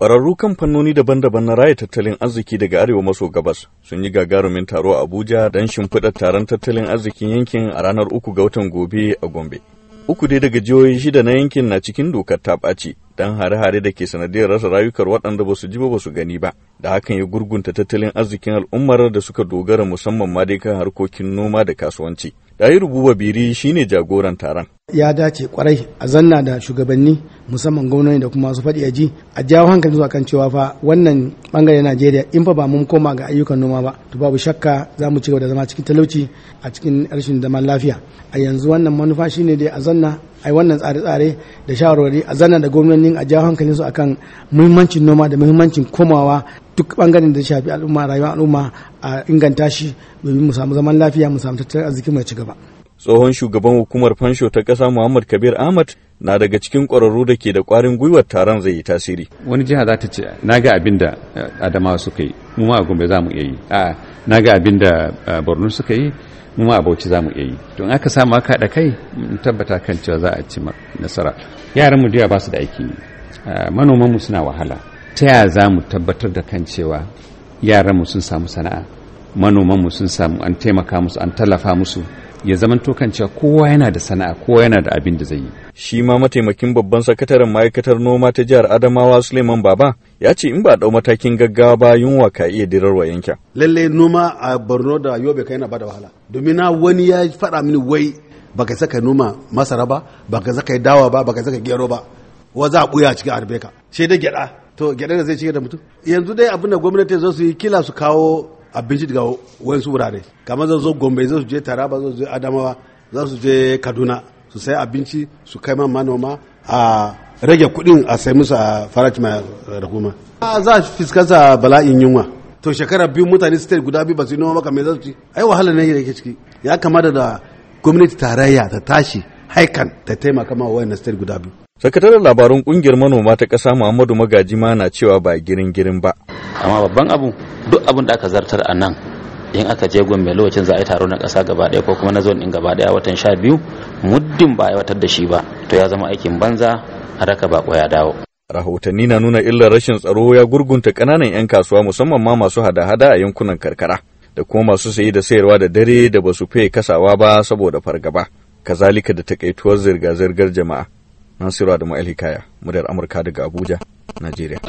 Ƙwararru kan fannoni daban-daban na raya tattalin arziki daga arewa maso gabas sun yi gagarumin taro a Abuja don shimfiɗa taron tattalin arzikin yankin a ranar uku ga watan gobe a Gombe. Uku dai daga jihohi shida na yankin na cikin dokar ta ɓaci don hare-hare da ke sanadiyar rasa rayukar waɗanda ba su ji ba su gani ba, da hakan ya gurgunta tattalin arzikin al'ummar da suka dogara musamman ma dai kan harkokin noma da kasuwanci. Ɗayi Rububa Biri shine jagoran taron. ya dace kwarai a zanna da shugabanni musamman gwamnati da kuma su faɗi ji a jawo hankali zuwa kan cewa fa wannan bangare Najeriya in fa ba mun koma ga ayyukan noma ba to babu shakka za mu ci gaba da zama cikin talauci a cikin rashin zaman lafiya a yanzu wannan manufa shine dai a zanna ai wannan tsare-tsare da shawarwari a zanna da gwamnonin a jawo hankali su akan muhimmancin noma da muhimmancin komawa duk bangaren da shafi al'umma rayuwar al'umma a inganta shi domin mu samu zaman lafiya mu samu tattalin arziki mai ci gaba tsohon shugaban hukumar fansho ta ƙasa muhammad kabir ahmad na daga cikin ƙwararru da ke da ƙwarin gwiwar taron zai yi tasiri wani jiha za ta ce na ga abin da eh, adamawa suka yi mu ma a gombe za mu iya yi a na ga abin da eh, borno suka yi mu ma a bauchi za mu iya yi don aka samu aka da kai mu tabbata kan cewa za a ci nasara yaran mu da ba su da aiki eh, manoman mu suna wahala ta yaya za mu tabbatar da kan cewa yaran mu sun samu sana'a manoman mu sun samu an taimaka musu an tallafa musu ya zamanto kan cewa kowa yana da sana'a kowa yana da abin da zai yi shi ma mataimakin babban sakataren ma'aikatar noma ta jihar Adamawa Suleiman Baba ya ce in ba a dau matakin gaggawa ba yunwa ka iya dirarwa yanka. lalle noma a Borno da Yobe kai yana bada wahala domin na wani ya faɗa mini wai baka saka noma masara ba baka saka dawa ba baka saka gero ba wa za a buya cikin arbeka sai da gyada to gyada da zai cike da mutum yanzu dai abin da gwamnati zo su yi kila su kawo abinci daga su wurare kamar zan zo gombe zan su je taraba zan su je adamawa zan su je kaduna su sai abinci su kai man manoma a rage kudin a sai musu a faraci mai rahuma za a fuskanta bala'in yunwa to shekara biyu mutane state guda biyu ba su yi noma maka mai za su ci ai wahala ne yake ciki ya kamata da gwamnati tarayya ta tashi haikan ta taimaka ma wayannan state guda biyu Sakataren labarun kungiyar manoma ta kasa Muhammadu Magajima na cewa ba girin girin ba, amma babban abu duk abin da aka zartar a nan in aka je gombe lokacin za a yi taro na ƙasa gaba ɗaya ko kuma na zon ɗin gaba ɗaya watan sha biyu muddin ba a aiwatar da shi ba to ya zama aikin banza a raka bako ya dawo rahotanni na nuna illar rashin tsaro ya gurgunta ƙananan 'yan kasuwa musamman ma masu hada-hada a yankunan karkara da kuma masu saye da sayarwa da dare da ba su fiye kasawa ba saboda fargaba kazalika da takaituwar zirga-zirgar jama'a nasiru adamu alhikaya muryar amurka daga abuja najeriya